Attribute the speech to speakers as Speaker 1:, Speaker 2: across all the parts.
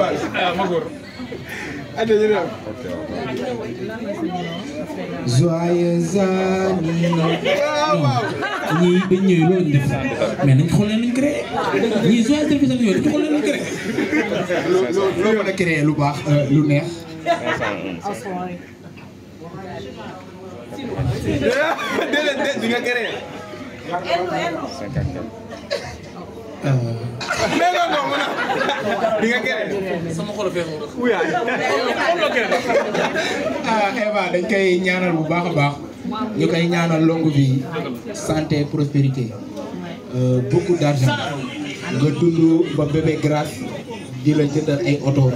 Speaker 1: Ah, joyeux anniversaire. ñii dañ ñëw loolu def mais nañ xool leen nañ créé ñii joyeux anniversaire bi ñëw dañ xool leen nañ lu baax euh, lu neex. déedéet déet bi nga créé. Euh, mais non dañ koy ñaanal bu baax a baax ñu koy ñaanal longue vie santé prospérité beaucoup d'argent nga dund ba bébé grâce di la jëndal ay oto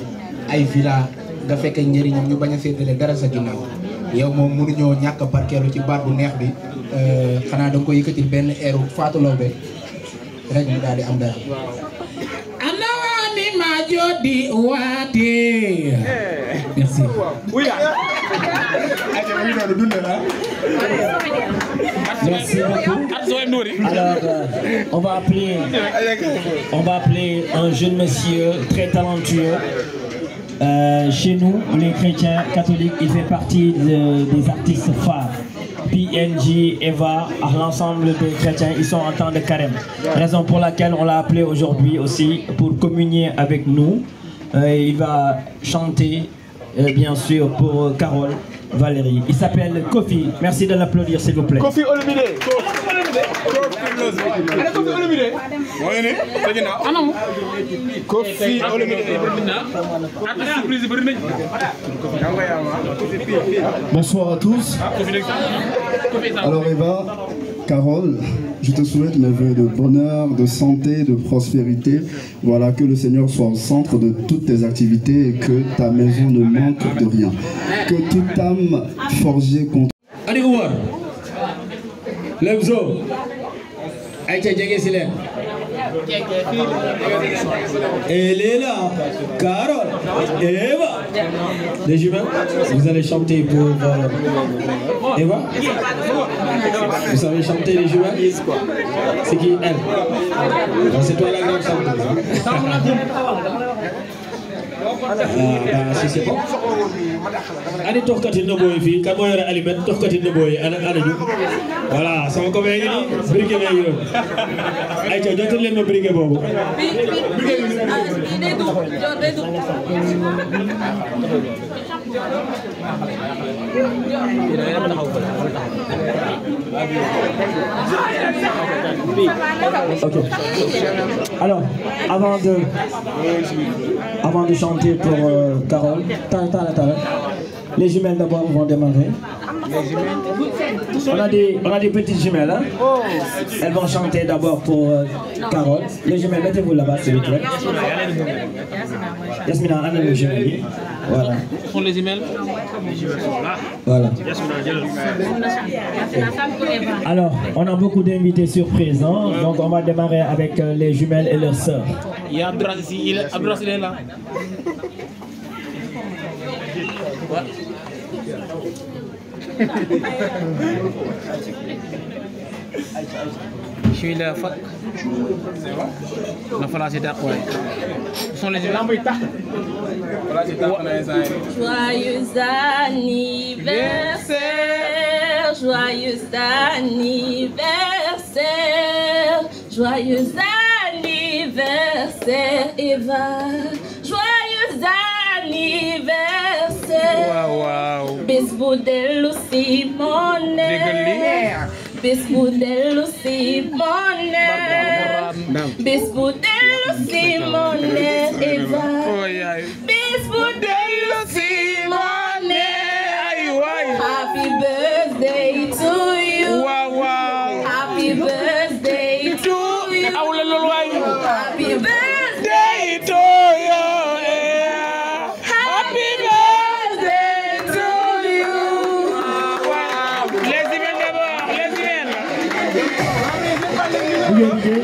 Speaker 1: ay villa nga fekk njëriñam ñu bañ a séddale dara sa ginnaaw yow moom mënuñoo ñàkk a barkeelu ci baat bu neex bi xanaa da koy yëkkatil benn eeru Fatou Laobé rek mu daal di am dara. jodi waate eh. merci ouya merci beaucoup alors euh, on va appeler on va appeler un jeune monsieur très talentueux euh, chez nous les chrétiens catholiques il fait partie de, des artistes phares PNJ, Eva, à l'ensemble des chrétiens, ils sont en temps de carême. Raison pour laquelle on l'a appelé aujourd'hui aussi pour communier avec nous. Euh, il va chanter, euh, bien sûr, pour Carole, Valérie. Il s'appelle Kofi. Merci de l'applaudir, s'il vous plaît. kofi olomide bonsoir à tous alors Eva Carole je te souhaite mes vœux de bonheur, de santé, de prospérité. Voilà, que le Seigneur soit au centre de toutes tes activités et que ta maison ne manque de rien. Que toute âme forgée contre... Lebzo ayca jege si leen Elena Carole Eva les jumelles vous allez chanter pour euh, Eva vous savez chanter les jumelles c'est qui elle c'est toi Ba euh, ani toxkati ndëboo yi fii kan moo yore aliment ana ana ñu. voilà ko may ngi nii briquet may ngi leen ma briquet boobu. ok alors avant avant de chanter pour euh, Carole. Tara, tara, tara. Les jumelles d'abord vont démarrer. On a des, on a des petites jumelles. Hein? Elles vont chanter d'abord pour euh, Carole. Les jumelles, mettez-vous là-bas, s'il vous plaît. Yasmina ana les jumelles yi voilà. pour les jumelles. voilà. alors on a beaucoup d'invités surprises hein? donc on va démarrer avec euh, les jumelles et leurs sœurs. il y a Abdou Aziz il est Abdou Aziz il est là. Je suis là. sont les gens. Joyeux anniversaire, joyeux anniversaire, joyeux anniversaire Eva, joyeux anniversaire. waaw waaw. bés bu dellu si moo neex. bés bu dellu si moo neex. bis bu dellu si moo neex Eva bis si moo neex ay waay happy birthday to you waaw waaw happy birthday to you aw la loolu waay happy birthday to you Yeah.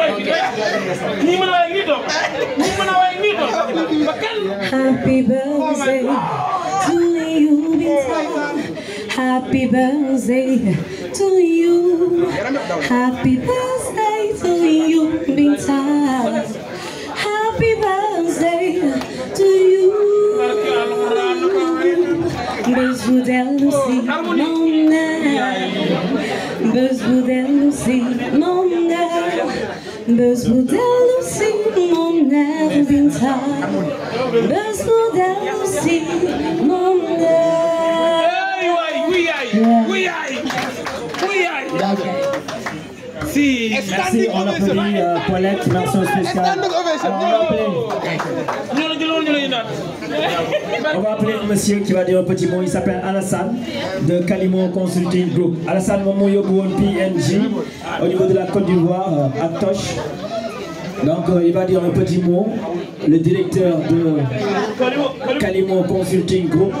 Speaker 1: Happy birthday to you, Happy birthday to you. Happy birthday to you, Binta. Happy birthday to you. Beijo dela, Lucy, não, não. Beijo dela, Lucy. Birds without a sing, mom never been tired. Birds without a sing, mom never. Merci. Merci. On applaudit euh, Paulette, mention spéciale. On On va appeler un monsieur qui petit mot il s'appelle Alassane de Kalimo Consulting Group Alassane moom moo PNG au niveau de la Côte d'Ivoire euh, à donc euh, il va dire un petit mot le directeur de Kalimo Consulting Group